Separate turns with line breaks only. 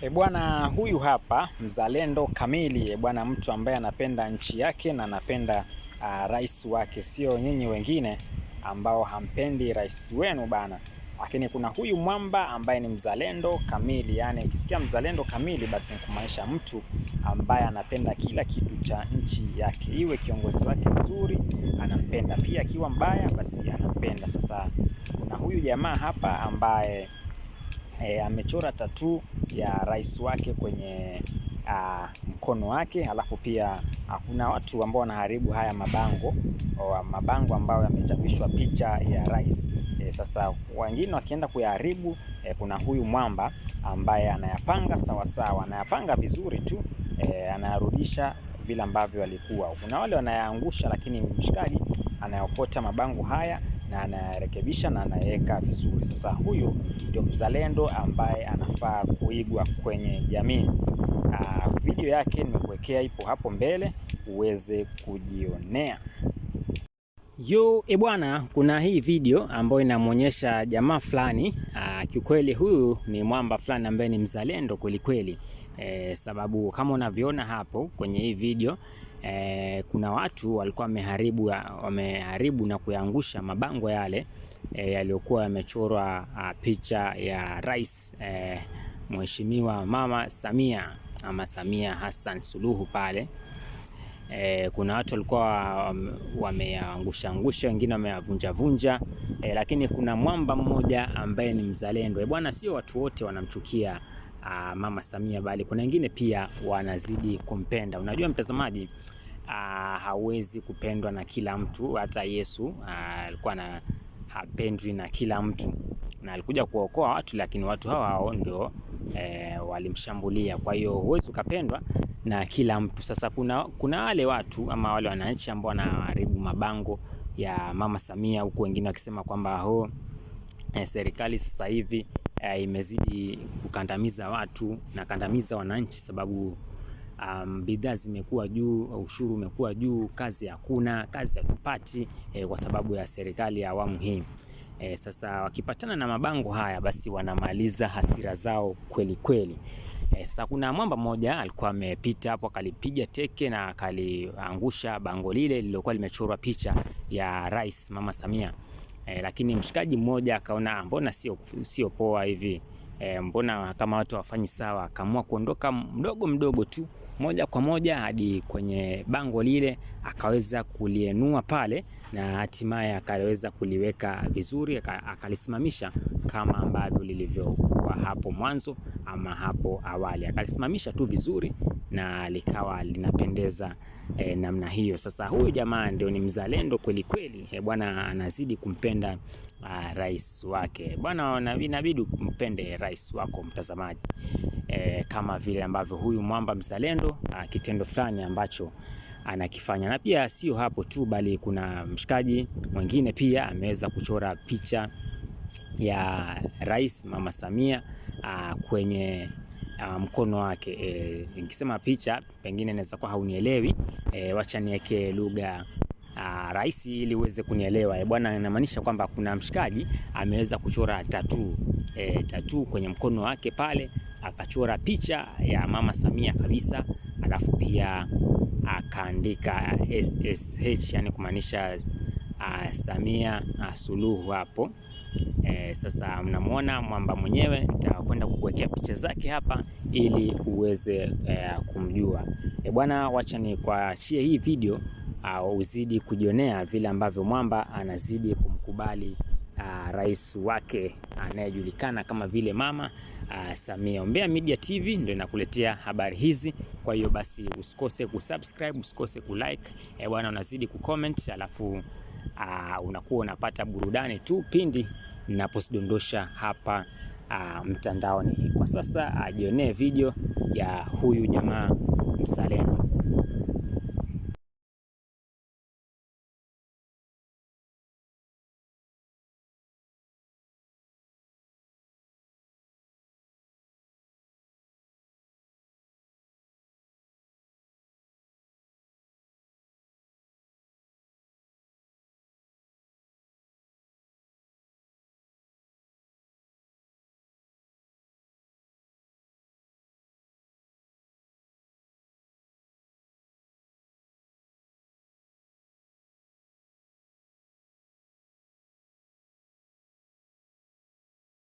E bwana, huyu hapa mzalendo kamili, e bwana, mtu ambaye anapenda nchi yake na anapenda uh, rais wake, sio nyinyi wengine ambao hampendi rais wenu bana. Lakini kuna huyu mwamba ambaye ni mzalendo kamili, yaani ukisikia mzalendo kamili, basi kumaanisha mtu ambaye anapenda kila kitu cha nchi yake, iwe kiongozi wake mzuri anampenda, pia akiwa mbaya basi anampenda. Sasa kuna huyu jamaa hapa ambaye e, amechora tatuu ya rais wake kwenye a, ah, mkono wake, alafu pia ah, kuna watu ambao wanaharibu haya mabango o, oh, mabango ambayo yamechapishwa picha ya rais e, sasa wengine wakienda kuyaharibu e, kuna huyu mwamba ambaye anayapanga sawasawa, anayapanga vizuri tu e, anayarudisha vile ambavyo alikuwa. Kuna wale wanayaangusha, lakini mshikaji anayokota mabango haya na anarekebisha na anaweka vizuri. Sasa huyu ndio mzalendo ambaye anafaa kuigwa kwenye jamii. Aa, ah, video yake nimekuwekea, ipo hapo mbele uweze kujionea. Yo, e bwana, kuna hii video ambayo inamwonyesha jamaa fulani. Ah, kiukweli huyu ni mwamba fulani ambaye ni mzalendo kwelikweli. E, sababu kama unavyoona hapo kwenye hii video e, kuna watu walikuwa wameharibu wameharibu na kuyaangusha mabango yale e, yaliyokuwa yamechorwa ah, picha ya rais e, Mheshimiwa Mama Samia ama Samia Hassan Suluhu pale. E, kuna watu walikuwa um, wameyaangusha angusha, wengine wameyavunja vunja e, lakini kuna mwamba mmoja ambaye ni mzalendo e, bwana, sio watu wote wanamchukia a, ah, Mama Samia, bali kuna wengine pia wanazidi kumpenda. Unajua mtazamaji, uh, hawezi kupendwa na kila mtu. Hata Yesu ah, alikuwa na hapendwi na kila mtu, na alikuja kuokoa watu, lakini watu hawa hao ndio e, walimshambulia. Kwa hiyo huwezi ukapendwa na kila mtu. Sasa kuna kuna wale watu ama wale wananchi ambao wanaharibu mabango ya Mama Samia, huku wengine wakisema kwamba ho e, serikali sasa hivi e, imezidi kukandamiza watu na kandamiza wananchi sababu um, bidhaa zimekuwa juu, ushuru umekuwa juu, kazi hakuna, kazi hatupati eh, kwa sababu ya serikali ya awamu hii. eh, sasa wakipatana na mabango haya basi wanamaliza hasira zao kweli kweli. Eh, sasa kuna mwamba mmoja alikuwa amepita hapo akalipiga teke na akaliangusha bango lile lililokuwa limechorwa picha ya Rais Mama Samia. E, lakini mshikaji mmoja akaona ah, mbona sio sio poa hivi. E, mbona kama watu hawafanyi sawa, akaamua kuondoka mdogo mdogo tu moja kwa moja hadi kwenye bango lile, akaweza kulienua pale na hatimaye akaweza kuliweka vizuri, akalisimamisha kama ambavyo lilivyokuwa hapo mwanzo ama hapo awali, akalisimamisha tu vizuri na likawa linapendeza e, namna hiyo. Sasa huyu jamaa ndio ni mzalendo kweli kweli, e, bwana anazidi kumpenda a, rais wake bwana, inabidi umpende rais wako mtazamaji, e, kama vile ambavyo huyu mwamba mzalendo a, kitendo fulani ambacho anakifanya na pia sio hapo tu, bali kuna mshikaji mwingine pia ameweza kuchora picha ya Rais Mama Samia a, kwenye Ah, mkono wake. E, nikisema picha pengine naweza kuwa haunielewi. E, wacha niweke lugha ah, rahisi ili uweze kunielewa. E, bwana, inamaanisha kwamba kuna mshikaji ameweza kuchora tatuu e, tatuu kwenye mkono wake pale akachora picha ya Mama Samia kabisa, alafu pia akaandika SSH yani kumaanisha uh, Samia uh, Suluhu hapo. E, sasa mnamwona mwamba mwenyewe, nitakwenda kukuwekea picha zake hapa ili uweze e, kumjua e, bwana. Wacha ni kuachie hii video uh, uzidi kujionea vile ambavyo mwamba anazidi kumkubali uh, rais wake anayejulikana uh, kama vile mama uh, Samia. Umbea Media TV ndio inakuletea habari hizi, kwa hiyo basi usikose kusubscribe, usikose kulike e, bwana, unazidi kucomment alafu Ah, unakuwa unapata burudani tu pindi ninaposidondosha hapa aa, ah, mtandaoni. Kwa sasa ajionee ah, video ya huyu jamaa Mzalendo.